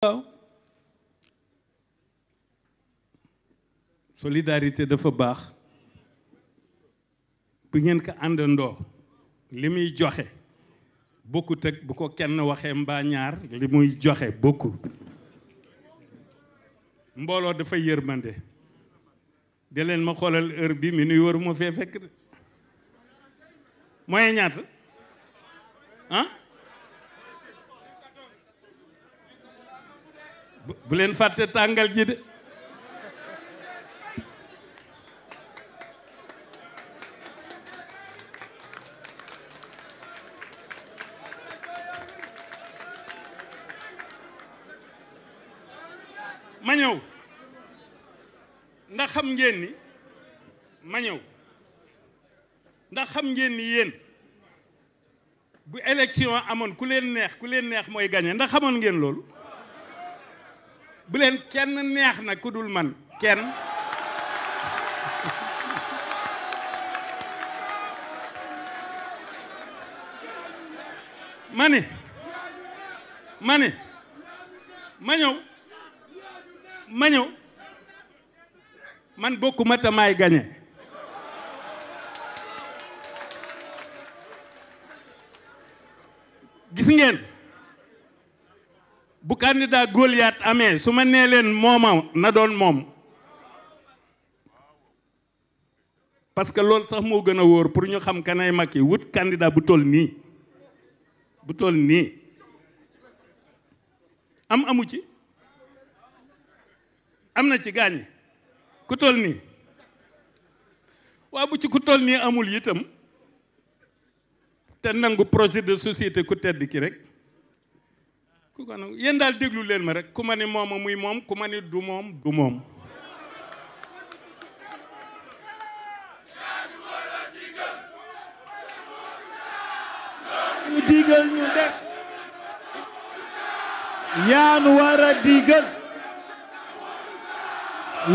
waaw solidarité dafa baax bu ngeen ko àndandoo li muy joxe bokkut ak bu ko kenn waxee mbaa ñaar li muy joxe bokku mbooloo dafa yërmande de leen ma xoolal heure bi mi nuy waruma fee fekk de moyen ñaata bu leen fàtte tàngal ji de ma ñëw ndax xam ngeen ni ma ndax xam ngeen ni yéen bu élection amoon ku leen neex ku leen neex mooy gagné ndax xamoon ngeen loolu bu kenn neex na ku dul man kenn ma ne ma mañow man bokkuma te maay gañe gis ngeen bu candidat Goliath amee su ma nee leen mooma na doon moom parce que loolu sax moo gën a wóor pour ñu xam kanay mag yi wut candidat bu toll nii bu toll nii am amu ci am na ci gaañi ku toll nii waa bu ci ku toll nii amul itam te nangu projet de société ku tedd ki rek ku yéen daal déglu leen ma rek ku ma ni mooma muy moom ku ma ni du moom du moom ñu digal ñu def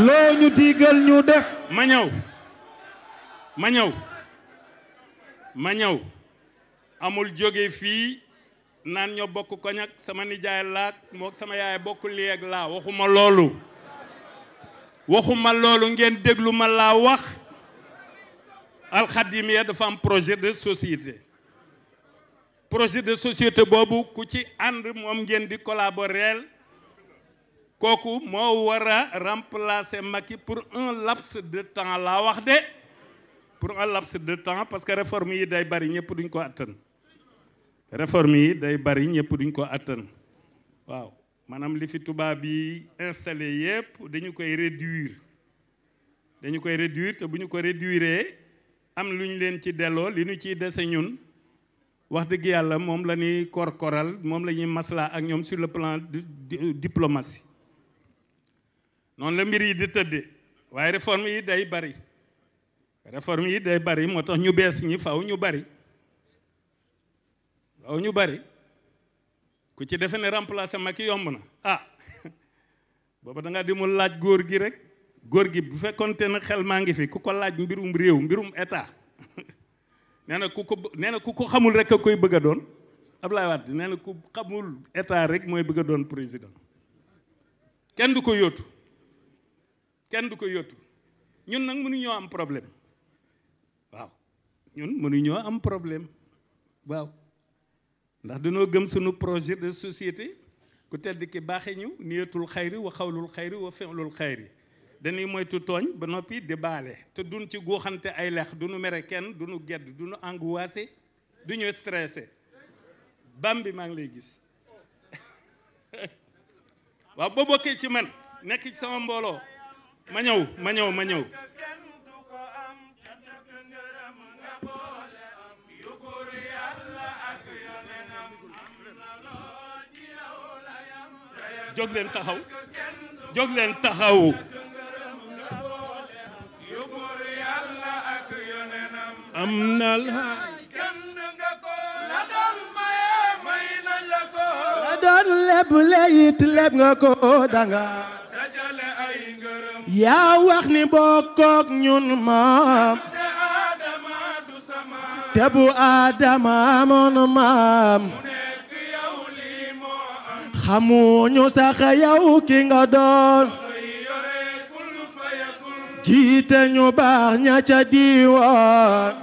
loo ñu digal ñu def ma ñëw ma ñëw amul jóge fii naan ñoo bokk koñ ak sama nijaay laak moo sama yaay bokk lii ak laa waxuma loolu waxuma loolu ngeen déglu ma laa wax alxadimiya dafa am projet de société projet de société boobu ku ci ànd moom ngeen di collaborer kooku moo war a remplacer Macky pour un laps de temps laa wax de pour un laps de temps parce que réforme yi day bari ñëpp duñ ko attan réforme yi day bari ñëpp duñ ko attan waaw maanaam li fi tubaab yi installé yëpp dañu koy réduire dañu koy réduire te bu ñu ko réduire am lu ñu leen ci delloo li ñu ciy dese ñun wax dëgg yàlla moom la ñuy korkoral moom la ñuy maslaa ak ñoom sur le plan diplomatie noonu la mbir yi di tëddee waaye réforme yi day bari réforme yi day bari moo tax ñu bees ñi faw ñu bari waaw oh, ñu bari ku ci defe ne remplacer Macky yomb na ah booba da ngaa laaj góor gi rek góor gi bu fekkonte na xel maa ngi fi ku ko laaj mbirum réew mbirum état nee na ku ko nee na ku ko xamul rek ak koy bëgg a doon Abdoulaye Wade nee na ku xamul état rek mooy bëgg a doon président kenn du ko yotu kenn du ko yotu ñun nag mënuñoo am problème waaw ñun mënuñoo am problème waaw ndax dañoo gëm sunu projet de société ku tedd ki baaxee ñu niyatul xayri wa xawlul xayri wa fi'lul xayri dañuy moytu tooñ ba noppi di baale te duñ ci guuxante ay lex duñu mere kenn dunu gedd duñu angoissé duñu stressé bam bi maa ngi lay gis waaw boo bokkee ci man nekk ci sama mbooloo ma ñëw ma ñëw ma ñëw jóg leen taxaw jóg leen taxaw am na la kenn nga ko la doon maye may nañ la ko la doon leb leyit leb nga ko danga yaa wax ni bokkook ñun maam te adama du sama te bu adama amoon maam xamuñu sax yow ki nga doon jiite ñu baax ña ca diiwoon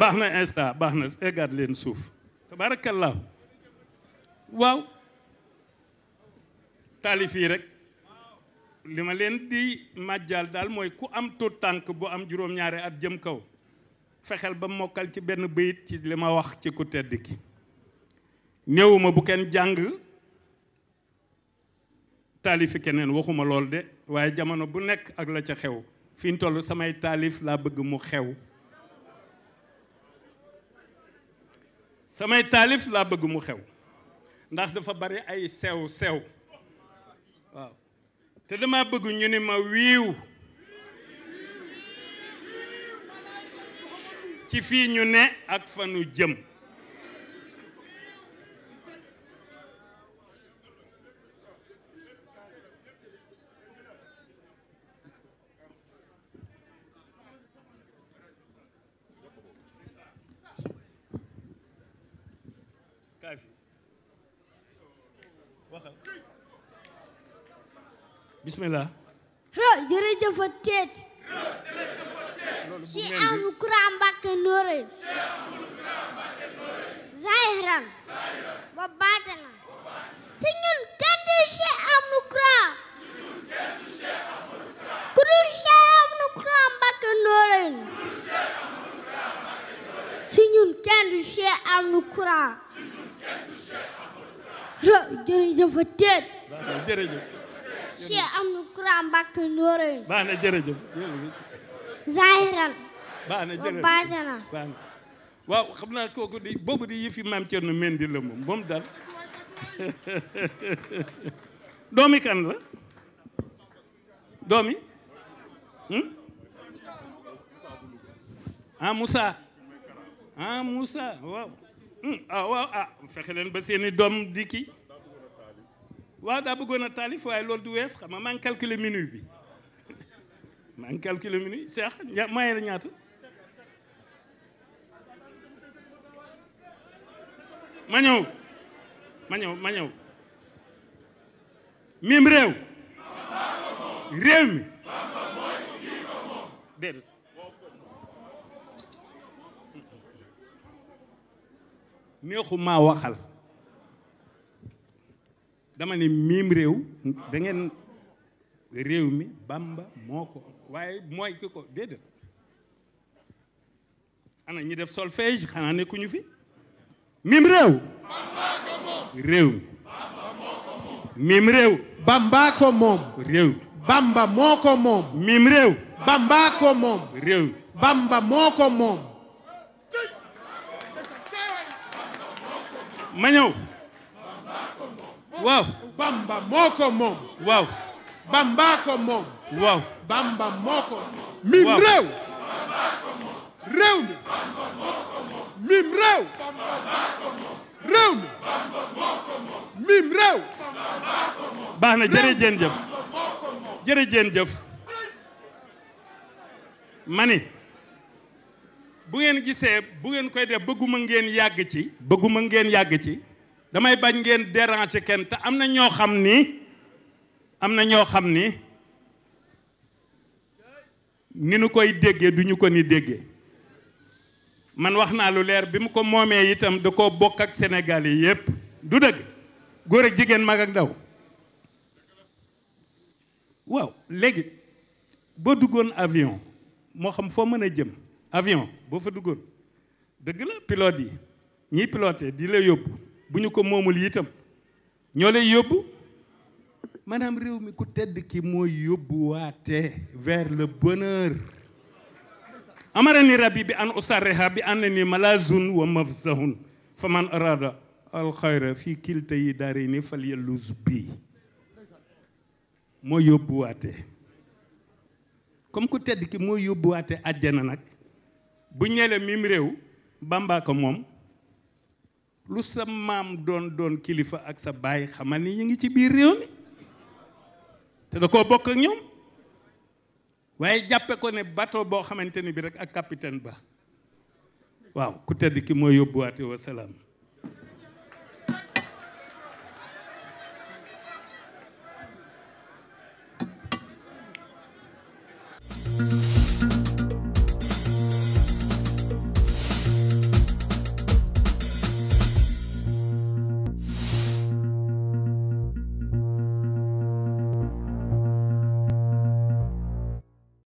baax na insta baax na eggaat leen suuf tabarakallah waaw taalif yi rek li ma leen di màjjal daal mooy ku am tu tànk bu am juróom-ñaari at jëm kaw fexeel ba mokkal ci benn bayit ci li ma wax ci ku tedd ki néewuma bu kenn jàng taalifi keneen waxuma lool de waaye jamono bu nekk ak la ca xew fi ñu samay taalif laa bëgg mu xew laa bëgg mu xew ndax dafa bari ay sew sew waaw te dama bëgg ñu ni ma wiiw ci fii ñu ne ak fanu jëm kaay fi waxal bismillah ro jërëjëfa teet si am kuraa mbàkke nóoréen zahiran wa baatana si ñun kenn du si am kuraa ku dul si am kuraa mbàkke nóoréen si ñun kenn du si am kuraa jërëjëf teet. jërëjëf. Cheikh Amdou Kura Mbacke Ndooreen. baax na jërëjëf. Zahiran. baax na jërëjëf baatana. baax na waaw xam naa kooku di boobu di yëfi maam Thierno Mendy la moom moom daal. doomi kan la. doomi. Hmm? ah Moussa. ah Moussa waaw. Hmm, ah waaw ah fexe leen ba seeni doom di waaw daa bëggoon a taalif waaye loolu du wees xam nga maa ngi calculer minute bi maa ngi calculer minute Cheikh maye la ñaata ma ñëw ma ñëw ma ñëw mim réew réew mi déedéet neexu maa waxal dama ne miim réew dangeen ngeen réew mi Bamba moo ko waaye mooy ki ko déedéet ana ñi def solfège xanaa nekkuñu fi miim réew réew mi miim réew Bamba ko moom réew Bamba moo moom miim réew Bamba ko moom réew Bamba moo moom ma ñëw. waaw. bamba moo ko moom. waaw. bamba moo ko moom. mim réew. réew mi. mim réew. réew mi. mim réew. baax na jërëjëf jërëjëf. ma bu ngeen gisee bu ngeen koy def bëgguma ngeen yàgg ci bëgguma ngeen yàgg ci damay bañ ngeen déranger kenn te am na ñoo xam ni am na ñoo xam ni ni nu koy déggee du ñu ko ni dégge man wax naa lu leer bi mu ko moomee itam da koo bokk ak Sénégal yi yépp du dëgg góor a jigéen mag ak ndaw waaw léegi boo duggoon avion moo xam foo mën a jëm avion boo fa duggoon dëgg la pilote yi ñiy piloté di la yóbbu bu ñu ko moomul itam ñoo lay yóbbu maanaam réew mi ku tedd ki mooy yóbbuwaate vers le bonheur amarani rabbi bi an usarriha bi annani malazun wa mafzahun faman arada alxayra fii kilta yi daari ni fal yalluz bi mooy yóbbuwaate comme ku tedd ki mooy yóbbuwaate àjjana nag bu ñele mim réew Bàmba ko moom lu sa maam doon doon kilifa ak sa baay xamal ni ñu ngi ci biir réew mi te da bokk ak ñoom waaye jàppe ko ne bateau boo xamante ni bi rek ak capitaine ba waaw ku tedd ki mooy yóbbuwaate wa salaam